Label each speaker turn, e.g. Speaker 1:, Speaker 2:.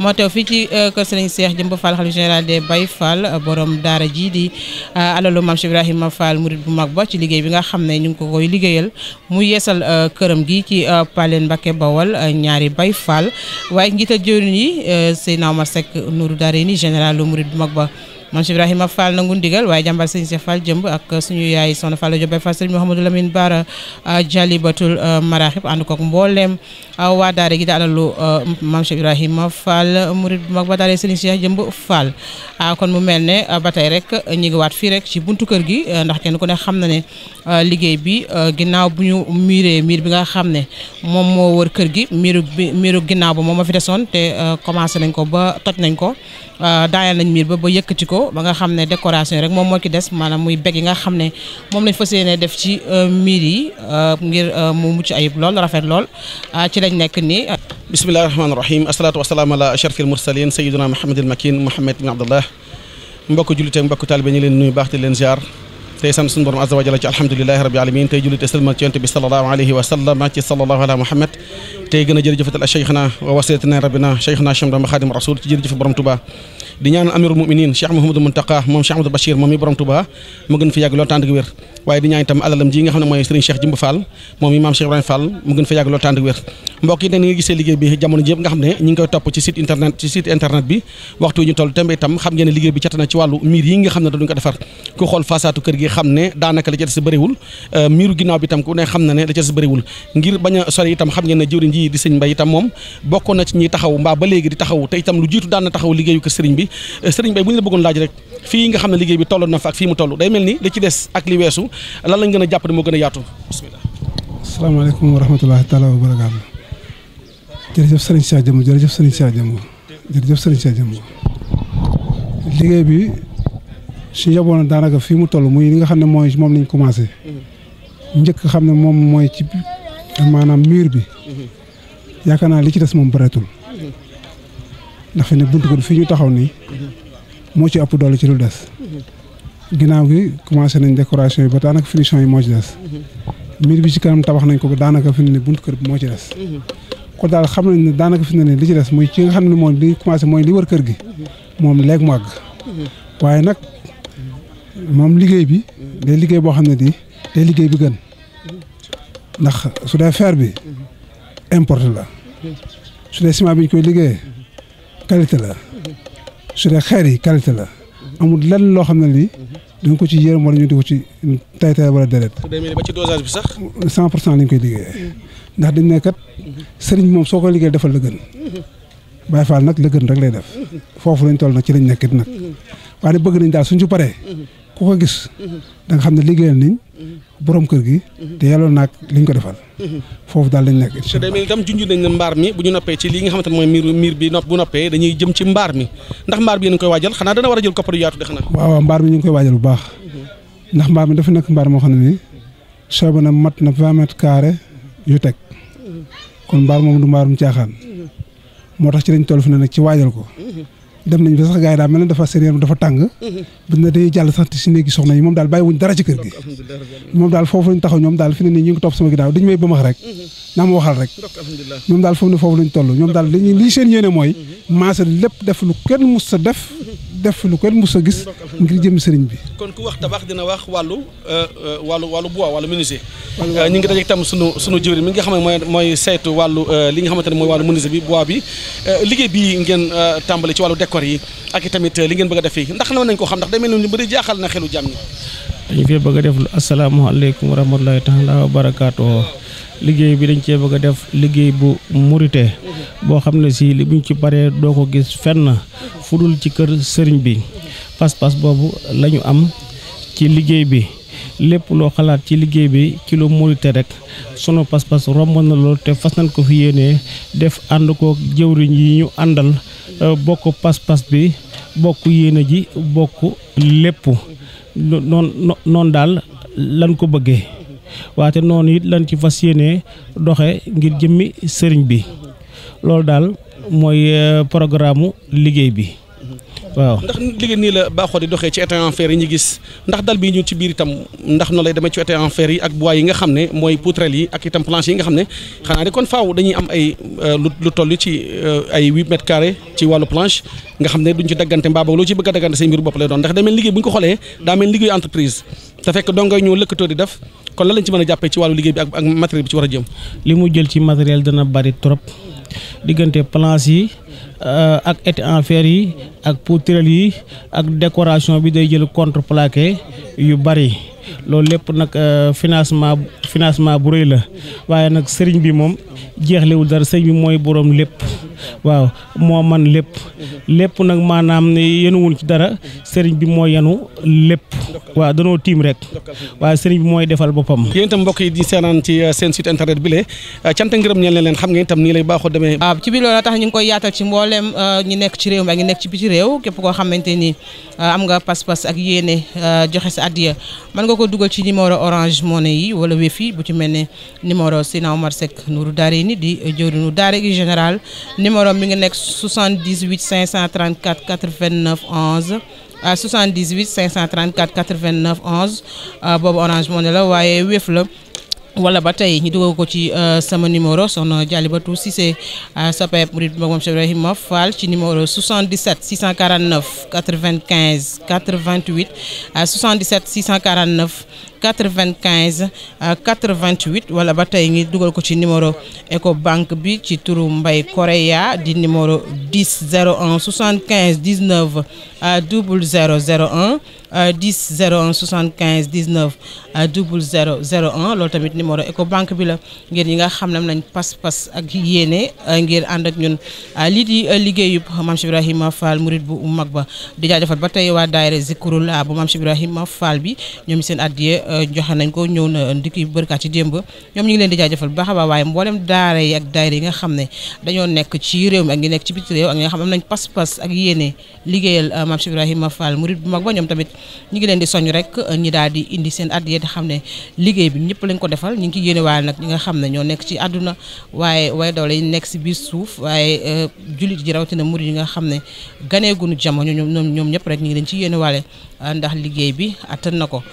Speaker 1: moo teew fii ci euh, kër Serigne Cheikh Jëmb Fall xalif général des Baye Fall euh, borom daara jii di euh, alalu Maam Cheikh Ibrahima Fall murid bu mag ba ci liggéey bi nga xam ne ñu ngi ko koy liggéeyal mu yeesal këram gi ci Palen Mbacké Bawol ñaari bay Fall waaye njiital jëwriñ yi Seydina Omar Seck Nourou ni général lu murid bu mag ba maam Cheikh Ibrahima Fall nangu ndigal waaye jàmbaar sëñ Cheikh Fall jëmb ak suñu yaay soxna Fall Diop Baye Fall sëñ Mouhamadou Lamine Bara euh, Jalibatul euh, Maraaxib ànd koog mbooleem euh, waa daara gi daalalu maam Cheikh Ibrahima Fall murid bu mag ba daale sëñ Cheikh jëmb Fall kon mu mel ne ba tey rek ñu ngi waat fii rek ci buntu kër gi ndax kenn ku ne xam na ne Euh, liggéey bi euh, ginnaaw bu ñu miiree miir bi nga xam ne moom moo war kër gi miiru miiru ginnaaw ba moom ma fi desoon te euh, commencé nañ ko ba toj nañ ko daayal nañ miir ba ba yëkkati ko ba nga xam ne décoration rek moom moo ci des maanaam muy beggi nga xam ne moom lañ fas yéene def ci miir yi ngir mu mucc ayib lool rafet lool ci lañ nekk nii. bismillahi rahmaani
Speaker 2: rahim asalaatu wasalaam ala ashrafil mursalin sayyidina muhammadil makin muhammad ibn abdullah mbokk jullite mbokk taalibe ñu leen nuyu baax leen ziar. tey sant borom azza ci alhamdulilahi rabbil alamin tey julli te ci yonent bi sallallahu alayhi a jërëjëfatal cheikhna ñu ngi koy itam xam ngeen liggéey bi cat na ci wàllu miir yi nga xam ne dañu ko defar ku xool façaatu kër gi xam ne daanaka la ca des bëriwul euh, miiru ginnaaw bi tam ku ne xam na ne la ca des bëriwul ngir bañ a sori itam xam ngeen ne jëwriñ ji di sëñ Mbay itam moom bokkoon na taxaw mbaa ba léegi di taxaw te itam lu jiitu daan na taxaw liggéeyu kër sëriñ bi euh, sëriñ Mbay bu ñu la bëggoon laaj rek fii nga xam ne liggéey bi toll na fa ak fii mu toll day mel ni li ci des ak li weesu lan lañ gën a jàpp ne moo gën a yaatu bismillah
Speaker 3: asalaamaaleykum wa rahmatullahi taala wa barakaatu jërëjëf sëriñ Cheikh Jëmm jërëjëf sëriñ Cheikh Jëmm jërëjëf sëriñ Cheikh liggéey bi si jaboon daanaka fii mu toll muy li nga xam ne mooy moom lañ commencé. njëkk xam ne moom mooy ci maanaam mur bi. yaakaar naa li ci des moom bëreetul. ndax fi ne buntu ko fii ñu taxaw nii. moo ci ëpp doole ci lu des. ginnaaw gi commencé nañ décoration yi ba daanaka finition yi moo ci des. mur bi ci kanam tabax nañ ko ba daanaka fi ne buntu kër bi moo ci des. ko daal xam nañ ne daanaka fi ne ne li ci des mooy ci nga xam ne moom li commencé mooy li wër kër gi. moom léegi mu àgg. waaye nag. moom liggéey bi day liggéey boo xam ne nii day liggéey bi gën ndax su dee fer bi importe la su dee ciment bi ñu koy liggéey qualité la su dee xeer yi qualité la amul lenn loo xam ne lii dañ ko ci yërëm wala ñu di ci tay wala deret.
Speaker 2: ba ci dosage bi sax. cent pour koy liggéeyee
Speaker 3: ndax dañ ne kat moom soo koy liggéey defal la gën Baay Faal nag la gën rek lay def foofu lañ toll nag ci lañ nekkit nag waaye bëgg nañ daal suñ ci paree. ku ko gis da nga xam ne liggéeyal nañ borom kër gi te yàlloon naag liñ ko defal foofu daal lañ nekk te
Speaker 2: day nañ mbaar mi bu ñu noppee ci lii nga xamante ne mooy miir miir bi nopp bu noppee dañuy jëm ci mbaar mi ndax mbaar bi yéen koy waajal xanaa dana war a jël koppar yu yaatu de xanaa waaw
Speaker 3: waaw mbaar mi ñu ngi koy waajal bu baax ndax mbaar mi dafa nekk mbaar moo xam ne nii soobu na mat na vingt mètres yu teg kon mbaar moom du mbaarum caaxaan moo tax ci lañ toll fi ne nag ci waajal ko dem nañ ba sax gars yi daal mel na dafa seen yaram dafa tàng mhm. buñ ne dañuy jàll sax si néegi soxna yi moom daal bàyyi wuñ dara ci kër gi moom daal foofu lañ taxaw ñoom daal fi ne nii ñu ngi topp sama ginnaaw dañu may bëmax rek mhm. naa ma waxal rek ñoom daal foofu ne foofu toll ñoom daal dañuy lii seen yéene mooy mhm. maase lépp def lu kenn mus sa def def lu kenn mës a gis ngir jëm sëriñ bi.
Speaker 2: kon ku wax tabax dina wax wàllu euh, euh, wàllu wàllu bois wàllu menuisier. ñu euh, ngi daje tam sunu sunu jëwriñ mi nga xam ne mooy mooy saytu wàllu li nga xamante ne mooy wàllu menuisier bi bois bi liggéey bi ngeen tàmbali ci wàllu décor yi ak itamit li ngeen bëgg a def ndax na nañ ko xam ndax day mel ni bëri jaaxal na xelu jàmm ñi.
Speaker 4: dañu fee bëgg a def asalaamaaleykum wa rahmatulahi taala wa barakaatu. liggéey bi dañ cee bëgg a def liggéey bu murite boo xam ne sii li buñ ci baree doo ko gis fenn fu dul ci kër sëriñ bi pas-pas boobu lañu am ci liggéey bi lépp loo xalaat ci liggéey bi ci lu murite rek sunu pas-pas romb na loolu te fas nañ ko fi yéenee def ànd ko jëwriñ yi ñu àndal euh, bokk pas-pas bi bokk yéene ji bokk lépp noon noon daal lan ko bëggee waate noonu it lan ci fas yéenee doxe ngir jëmmi sëriñ bi loolu daal mooy euh, programme liggéey bi waaw
Speaker 2: ndax liggéey nii la baaxoo di doxee ci état en yi ñu gis ndax dal bi ñu ci biir itam ndax noonu lay demee ci état en fer yi ak bois yi nga xam ne mooy poutrelle yi ak itam planche yi nga xam ne xanaa di kon faaw dañuy am ay euh, lu toll ci euh, ay huit mètres ci wàllu planche nga xam ne duñ ci daggante mbaaba loo ci bëgg a daggante say mbiru bopp lay doon ndax da mel liggéey bu ñu ko xoolee lëkkatoo di def kon la lañ ci mën a jàppee ci wàllu liggéey bi ak ak bi ci war a jëm.
Speaker 4: li mu jël ci matériel dana bari trop diggante planches yi euh, ak étai en fer yi ak pour poutrelle yi ak décoration bi day jël contre contreplaqué yu bari loolu lépp nag euh, financement financement bu rëy la waaye nag sëriñ bi moom jeexlewul dara sëriñ bi mooy boroom lépp waaw moo man lépp lépp nag maanaam yenuwul ci dara sëriñ bi moo yenu lépp waaw danoo tiim rek waaw sëriñ bi mooy defal boppam
Speaker 2: yéen itam mbokk yi di seenaan
Speaker 1: ci uh, seen site internet bi lee uh, cant ngërëm ñeen leen leen xam ngeen itam nii lay baaxoo demee ci biir loolu tax ñu ngi koy yaatal ci mbooleem uh, ñi nekk ci réew mi ak ñi nekk ci biti réew képp 89 11 euh, boobu orange money la waaye wéef la wala ba tey ñu dugal ko ci euh, sama numéro soxna Diallibatou Cissé euh, sapé murid bi moom Cheikh Ibrahima Fall ci numéro 77 649 95 88 77 649 95 88 euh, wala ba tey ngi dugal ko ci numéro Ecobank bi ci turu Mbaye Korea di numéro 10 01 75 19 0001 10 01 75 19 0001 loolu tamit numéro Ecobank bi la ngir ñi nga xam ne am nañ pas-pas ak yéene euh, ngir ànd ak ñun euh, lii di liggéeyub Mame Cheikh Ibrahima Fall murid bu mag ba di jaajëfal ba tey waa daayira Zikrullah bu Mame Cheikh Ibrahima Fall bi ñoom seen addiye Euh, joxe nañ ko ñëw na ndiki bërkaat ci démb ñoom ñu ngi leen di jaajëfal bu baax waaye mboolem daara yi ak daayira yi nga xam ne dañoo nekk ci réew mi ak ñi nekk ci biti réew ak ñi nga xam ne am nañ pas-pas ak yéene liggéeyal euh, maam Cheikh Ibrahima Fall murid bu mag ba ñoom tamit ñu ngi leen di soñ rek euh, ñi daal di indi seen at yéen xam ne liggéey bi ñëpp lañ ko defal ñu ngi ci yéene waaye nag ñi nga xam ne ñoo nekk ci àdduna waaye waaye daw lañ nekk si biir suuf waaye jullit ji rawatina murid yi nga xam ne ganeegunu jamono ñoom ñoom ñëpp rek ñu ngi leen ci yéene waale ndax liggéey bi attan na ko